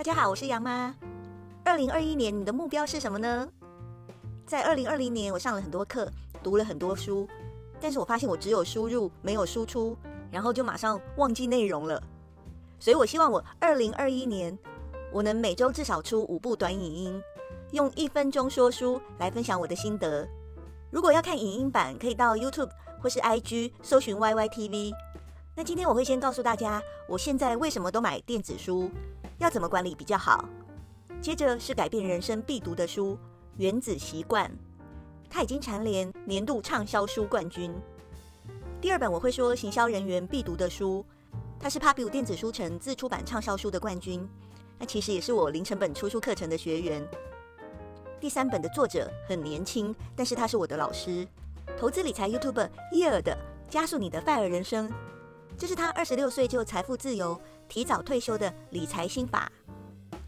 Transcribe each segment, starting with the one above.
大家好，我是楊媽。二零二一年你的目標是什麼呢？在二零二零年，我上了很多課，讀了很多書，但是我發現我只有輸入，沒有輸出，然後就馬上忘記內容了。所以我希望我二零二一年，我能每周至少出五部短影音，用一分鐘說書來分享我的心得。如果要看影音版，可以到 YouTube 或是 IG 搜尋 YYTV。那今天我會先告訴大家，我現在為什麼都買電子書。要怎麼管理比較好？接着是改變人生必讀的書《原子習慣》，它已經蟬聯年度暢銷書冠軍。第二本我會說行銷人員必讀的書，它是 Pubu 電子書城自出版暢銷書的冠軍，那其實也是我零成本出書課程的學員。第三本的作者很年輕，但是他是我的老師，投資理財 YouTuber Yale 的《加速你的 FIRE 人生》，這是他二十六歲就財富自由。提早退休的理財心法。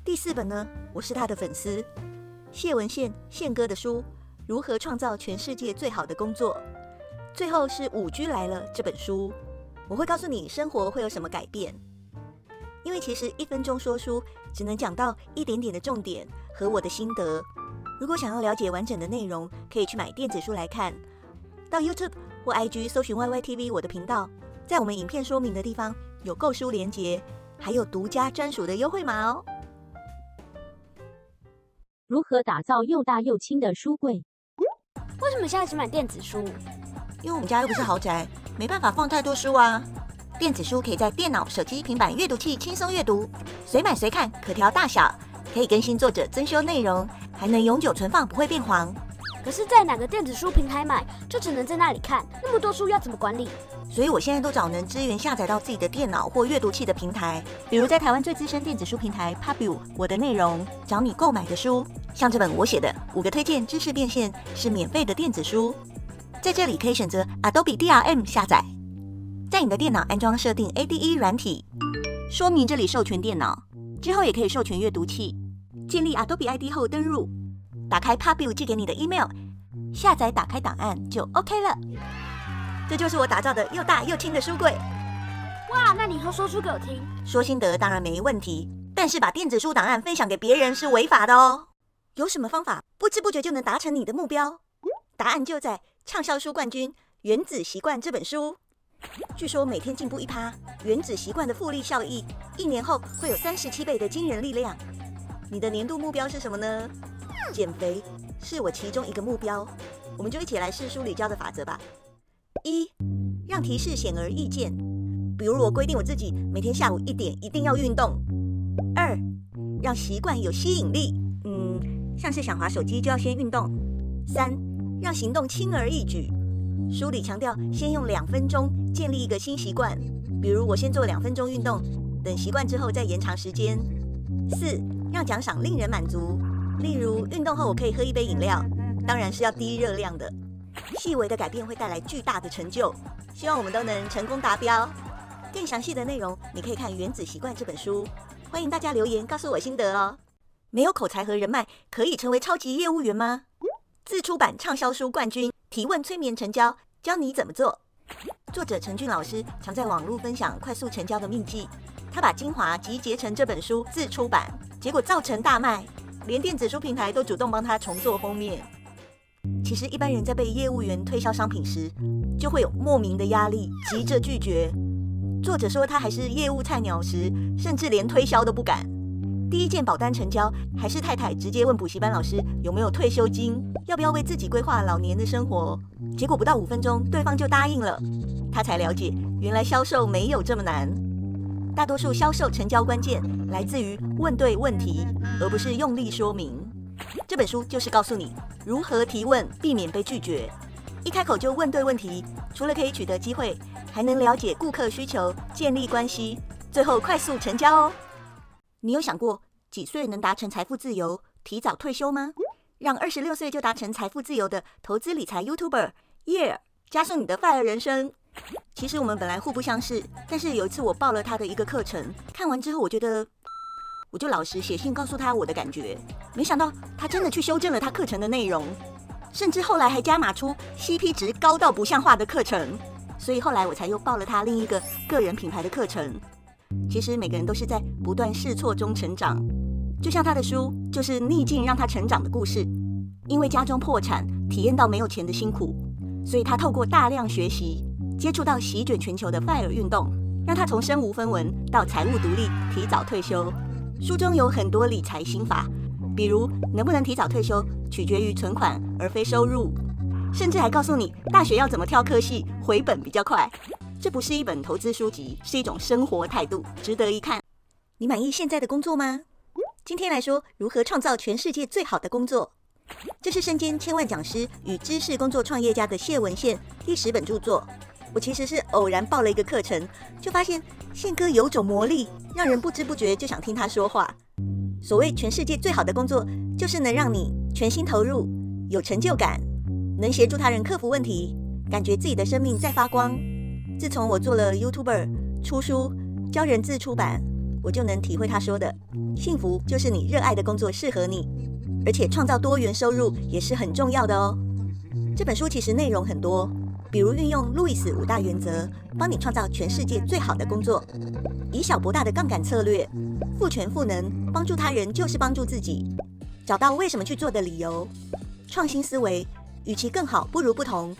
第四本呢，我是他的粉絲，謝文憲憲哥的書《如何創造全世界最好的工作》。最後是 5G 來了這本書，我會告訴你生活會有什麼改變。因為其實一分鐘說書只能講到一點點的重點和我的心得。如果想要了解完整的內容，可以去買電子書來看。到 YouTube 或 IG 搜尋 YYTV 我的頻道，在我們影片說明的地方。有購書連接，還有獨家專屬的優惠碼哦。如何打造又大又輕的書櫃？嗯？為什麼現在只買電子書？因為我們家又不是豪宅，沒辦法放太多書啊。電子書可以在電腦、手機、平板閱讀器輕鬆閱讀，隨買隨看，可調大小，可以更新作者、增修內容，還能永久存放，不會變黃。可是，在哪個電子書平台買，就只能在那裡看，那麼多書要怎麼管理？所以我現在都找能支援下載到自己的電腦或閱讀器的平台，比如在台灣最資深電子書平台 Pubu，我的內容找你購買的書，像這本我寫的《五個推薦知識變現》是免費的電子書，在這裡可以選擇 Adobe DRM 下載，在你的電腦安裝設定 ADE 軟體，說明這裡授權電腦之後也可以授權閱讀器，建立 Adobe ID 後登入，打開 Pubu 寄給你的 email，下載打開檔案就 OK 了。這就是我打造的又大又輕的書櫃。哇，那你以後說書給我聽，說心得當然沒問題。但是把電子書檔案分享給別人是違法的哦。有什麼方法不知不覺就能達成你的目標？答案就在暢銷書冠軍《原子習慣》這本書。據說每天進步一趴，《原子習慣》的複利效益，一年後會有三十七倍的驚人力量。你的年度目標是什麼呢？減肥是我其中一個目標。我們就一起來試書裡教的法則吧。一，讓提示顯而易見，比如我規定我自己每天下午一點一定要運動。二，讓習慣有吸引力，嗯，像是想滑手機就要先運動。三，讓行動輕而易舉，書裡強調先用兩分鐘建立一個新習慣，比如我先做兩分鐘運動，等習慣之後再延長時間。四，讓獎賞令人滿足，例如運動後我可以喝一杯飲料，當然是要低熱量的。細微的改變會帶來巨大的成就，希望我們都能成功達標。更詳細的內容，你可以看《原子習慣》這本書。歡迎大家留言告訴我心得哦。沒有口才和人脈，可以成為超級業務員嗎？自出版暢銷書冠軍提問催眠成交，教你怎麼做。作者陳俊老師常在網絡分享快速成交的秘籍，他把精華集結成這本書自出版，結果造成大賣，連電子書平台都主動幫他重做封面。其實，一般人在被業務員推銷商品時，就會有莫名的壓力，急着拒絕。作者說他還是業務菜鳥時，甚至連推銷都不敢。第一件保單成交，還是太太直接問補習班老師有沒有退休金，要不要為自己規劃老年的生活。結果不到五分鐘，對方就答應了。他才了解，原來銷售沒有這麼難。大多數銷售成交關鍵來自於問對問題，而不是用力說明。這本書就是告訴你如何提問，避免被拒絕。一開口就問對問題，除了可以取得機會，還能了解顧客需求，建立關係，最後快速成交哦。你有想過幾歲能達成財富自由，提早退休嗎？讓二十六歲就達成財富自由的投資理財 YouTuber，Yale 加速你的 FIRE 人生。其實我們本來互不相識，但是有一次我報了他的一個課程，看完之後我覺得。我就老實寫信，告訴他我的感覺，沒想到他真的去修正了他課程的內容，甚至後來還加碼出 CP 值高到不像話的課程，所以後來我才又報了他另一個個人品牌的課程。其實每個人都是在不斷試錯中成長，就像他的書，就是逆境讓他成長的故事。因為家中破產，體驗到沒有錢的辛苦，所以他透過大量學習，接觸到席捲全球的 FIRE 運動，讓他從身無分文到財務獨立，提早退休。書中有很多理財心法，比如能不能提早退休取決於存款而非收入，甚至還告訴你大學要怎麼挑科系回本比較快。這不是一本投資書籍，是一種生活態度，值得一看。你滿意現在的工作嗎？今天來說如何創造全世界最好的工作，這是身兼千萬講師與知識工作創業家的謝文憲第十本著作。我其實是偶然報了一個課程，就發現。憲哥有種魔力，讓人不知不覺就想聽他說話。所謂全世界最好的工作，就是能讓你全心投入、有成就感，能協助他人克服問題，感覺自己的生命在發光。自從我做了 YouTuber、出書、教人自出版，我就能體會他說的：幸福就是你熱愛的工作適合你，而且創造多元收入也是很重要的哦。這本書其實內容很多。比如運用路易斯五大原則，幫你創造全世界最好的工作；以小博大的槓桿策略，賦權賦能，幫助他人就是幫助自己；找到為什麼去做的理由，創新思維，與其更好不如不同；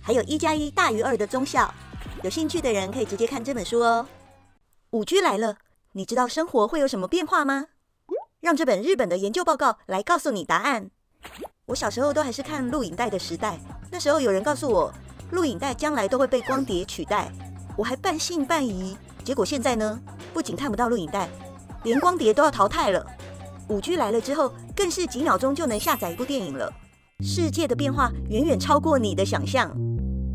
還有一加一大於二的綜效。有興趣的人可以直接看這本書哦。5G 來了，你知道生活會有什麼變化嗎？讓這本日本的研究報告來告訴你答案。我小時候都還是看錄影帶的時代，那時候有人告訴我。錄影帶將來都會被光碟取代，我還半信半疑。結果現在呢，不僅看不到錄影帶，連光碟都要淘汰了。5G 來了之後，更是幾秒鐘就能下載一部電影了。世界的變化遠遠超過你的想象。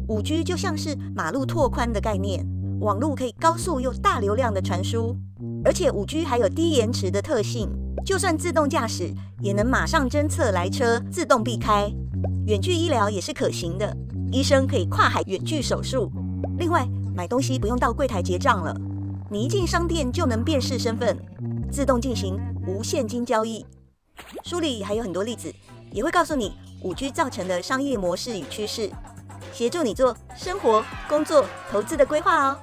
5G 就像是馬路拓寬的概念，網路可以高速又大流量的傳輸，而且 5G 還有低延遲的特性，就算自動駕駛也能馬上偵測來車，自動避開。遠距醫療也是可行的。醫生可以跨海遠距手術，另外買東西不用到櫃檯結賬了，你一進商店就能辨識身份，自動進行無現金交易。書裡還有很多例子，也會告訴你 5G 造成的商業模式與趨勢，協助你做生活、工作、投資的規劃哦。